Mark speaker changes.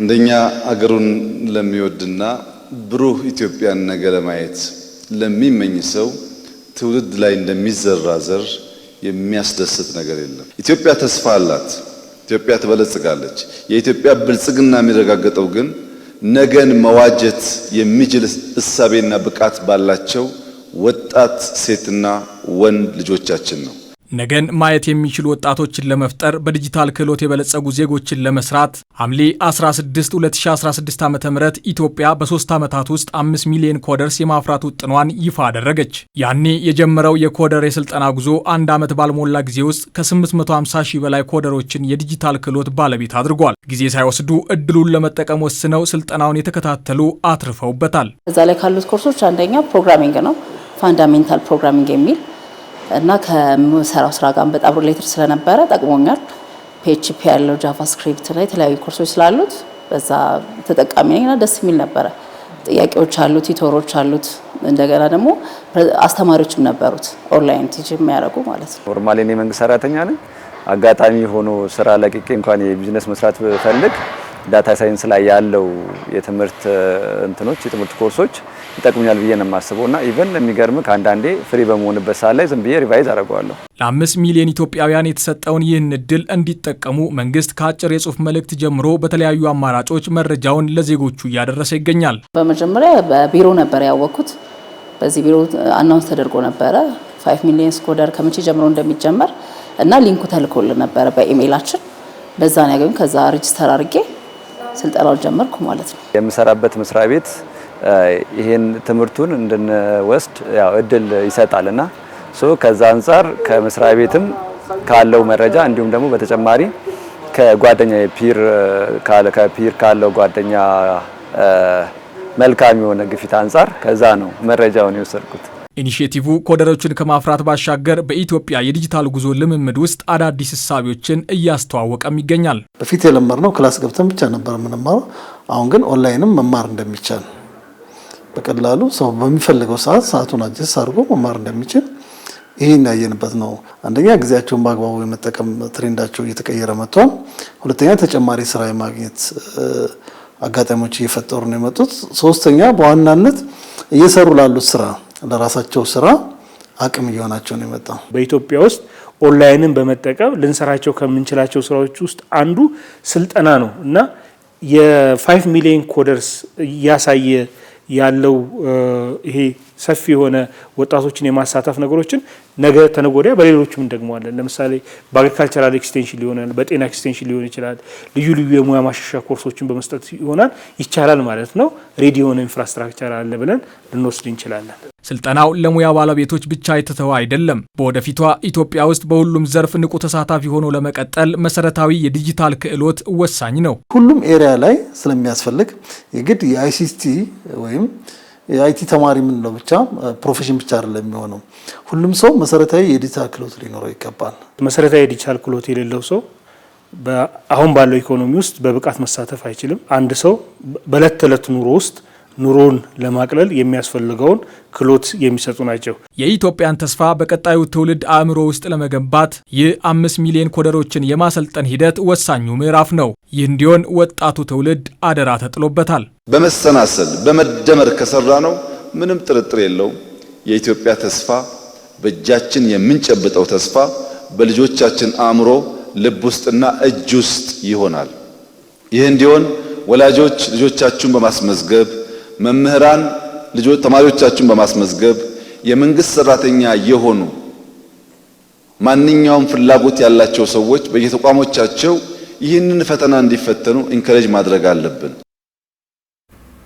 Speaker 1: እንደኛ አገሩን ለሚወድና ብሩህ ኢትዮጵያን ነገ ለማየት ለሚመኝ ሰው ትውልድ ላይ እንደሚዘራ ዘር የሚያስደስት ነገር የለም። ኢትዮጵያ ተስፋ አላት። ኢትዮጵያ ትበለጽጋለች። የኢትዮጵያ ብልጽግና የሚረጋገጠው ግን ነገን መዋጀት የሚችል እሳቤና ብቃት ባላቸው ወጣት ሴትና ወንድ ልጆቻችን ነው።
Speaker 2: ነገን ማየት የሚችሉ ወጣቶችን ለመፍጠር በዲጂታል ክህሎት የበለጸጉ ዜጎችን ለመስራት ሐምሌ 16 2016 ዓ ም ኢትዮጵያ በሶስት ዓመታት ውስጥ 5 ሚሊዮን ኮደርስ የማፍራት ውጥኗን ይፋ አደረገች። ያኔ የጀመረው የኮደር የስልጠና ጉዞ አንድ ዓመት ባልሞላ ጊዜ ውስጥ ከ850 ሺህ በላይ ኮደሮችን የዲጂታል ክህሎት ባለቤት አድርጓል። ጊዜ ሳይወስዱ እድሉን ለመጠቀም ወስነው ስልጠናውን የተከታተሉ አትርፈውበታል።
Speaker 3: እዛ ላይ ካሉት ኮርሶች አንደኛ ፕሮግራሚንግ ነው፣ ፋንዳሜንታል ፕሮግራሚንግ የሚል እና ከምሰራው ስራ ጋር በጣም ሪሌትድ ስለነበረ ጠቅሞኛል። ፒኤችፒ ያለው ጃቫስክሪፕት ላይ የተለያዩ ኮርሶች ስላሉት በዛ ተጠቃሚ ነኝ እና ደስ የሚል ነበረ። ጥያቄዎች አሉት፣ ቲቶሮች አሉት። እንደገና ደግሞ አስተማሪዎችም ነበሩት ኦንላይን ቲች የሚያደርጉ ማለት ነው።
Speaker 4: ኖርማል እኔ መንግስት ሰራተኛ ነኝ። አጋጣሚ ሆኖ ስራ ለቅቄ እንኳን የቢዝነስ መስራት ብፈልግ ዳታ ሳይንስ ላይ ያለው የትምህርት እንትኖች የትምህርት ኮርሶች ይጠቅሙኛል ብዬ ነው የማስበው እና ኢቨን የሚገርም ከአንዳንዴ ፍሪ በመሆንበት ሰዓት ላይ ዝም ብዬ ሪቫይዝ አደርገዋለሁ።
Speaker 2: ለአምስት ሚሊዮን ኢትዮጵያውያን የተሰጠውን ይህን እድል እንዲጠቀሙ መንግስት ከአጭር የጽሁፍ መልእክት ጀምሮ በተለያዩ አማራጮች መረጃውን ለዜጎቹ እያደረሰ ይገኛል።
Speaker 3: በመጀመሪያ በቢሮ ነበር ያወቅኩት። በዚህ ቢሮ አናውንስ ተደርጎ ነበረ ፋይቭ ሚሊዮን ስኮደር ከመቼ ጀምሮ እንደሚጀመር እና ሊንኩ ተልኮልን ነበረ በኢሜይላችን በዛ ነው ያገኙ ከዛ ሬጅስተር አድርጌ ስልጠናው ጀመርኩ ማለት ነው።
Speaker 4: የምሰራበት መስሪያ ቤት ይሄን ትምህርቱን እንድንወስድ ያው እድል ይሰጣልና ሶ ከዛ አንጻር ከመስሪያ ቤትም ካለው መረጃ እንዲሁም ደግሞ በተጨማሪ ከጓደኛ ከፒር ካለው ጓደኛ መልካም የሆነ ግፊት አንጻር ከዛ ነው መረጃውን የወሰድኩት።
Speaker 2: ኢኒሽቲቭ ኮደሮችን ከማፍራት ባሻገር በኢትዮጵያ የዲጂታል ጉዞ ልምምድ ውስጥ አዳዲስ እሳቢዎችን እያስተዋወቀም ይገኛል።
Speaker 5: በፊት የለመድነው ክላስ ገብተን ብቻ ነበር የምንማረው። አሁን ግን ኦንላይንም መማር እንደሚቻል በቀላሉ ሰው በሚፈልገው ሰዓት ሰዓቱን አጀስ አድርጎ መማር እንደሚችል ይህ እናየንበት ነው። አንደኛ ጊዜያቸውን በአግባቡ የመጠቀም ትሬንዳቸው እየተቀየረ መጥቷል። ሁለተኛ ተጨማሪ ስራ የማግኘት አጋጣሚዎች እየፈጠሩ ነው የመጡት። ሶስተኛ በዋናነት እየሰሩ ላሉት ስራ ለራሳቸው ስራ አቅም እየሆናቸው ነው የመጣው።
Speaker 2: በኢትዮጵያ ውስጥ ኦንላይንን በመጠቀም ልንሰራቸው ከምንችላቸው ስራዎች ውስጥ አንዱ ስልጠና ነው እና የፋይቭ ሚሊዮን ኮደርስ እያሳየ ያለው ይሄ ሰፊ የሆነ ወጣቶችን የማሳተፍ ነገሮችን ነገ ተነገ በሌሎችም እንደግመዋለን። ለምሳሌ በአግሪካልቸራል ኤክስቴንሽን ሊሆናል፣ በጤና ኤክስቴንሽን ሊሆን ይችላል። ልዩ ልዩ የሙያ ማሻሻያ ኮርሶችን በመስጠት ይሆናል ይቻላል ማለት ነው። ሬዲዮን ኢንፍራስትራክቸር አለ ብለን ልንወስድ እንችላለን። ስልጠናው ለሙያ ባለቤቶች ብቻ የተተወ አይደለም። በወደፊቷ ኢትዮጵያ ውስጥ በሁሉም ዘርፍ ንቁ ተሳታፊ ሆኖ ለመቀጠል መሰረታዊ የዲጂታል ክህሎት ወሳኝ ነው።
Speaker 5: ሁሉም ኤሪያ ላይ ስለሚያስፈልግ የግድ የአይሲቲ ወይም የአይቲ ተማሪ የምንለው ብቻ ፕሮፌሽን ብቻ አይደለም የሚሆነው። ሁሉም ሰው መሰረታዊ የዲጂታል ክህሎት ሊኖረው ይገባል።
Speaker 2: መሰረታዊ የዲጂታል ክህሎት የሌለው ሰው አሁን ባለው ኢኮኖሚ ውስጥ በብቃት መሳተፍ አይችልም። አንድ ሰው በእለት ተዕለት ኑሮ ውስጥ ኑሮን ለማቅለል የሚያስፈልገውን ክሎት የሚሰጡ ናቸው። የኢትዮጵያን ተስፋ በቀጣዩ ትውልድ አእምሮ ውስጥ ለመገንባት ይህ አምስት ሚሊዮን ኮደሮችን የማሰልጠን ሂደት ወሳኙ ምዕራፍ ነው። ይህ እንዲሆን ወጣቱ ትውልድ አደራ ተጥሎበታል።
Speaker 1: በመሰናሰል በመደመር ከሰራ ነው ምንም ጥርጥር የለውም የኢትዮጵያ ተስፋ በእጃችን የምንጨብጠው ተስፋ በልጆቻችን አእምሮ ልብ ውስጥና እጅ ውስጥ ይሆናል። ይህ እንዲሆን ወላጆች ልጆቻችሁን በማስመዝገብ መምህራን ልጆች ተማሪዎቻችሁን በማስመዝገብ የመንግስት ሰራተኛ የሆኑ ማንኛውም ፍላጎት ያላቸው ሰዎች በየተቋሞቻቸው ይህንን ፈተና እንዲፈተኑ ኢንከሬጅ ማድረግ አለብን።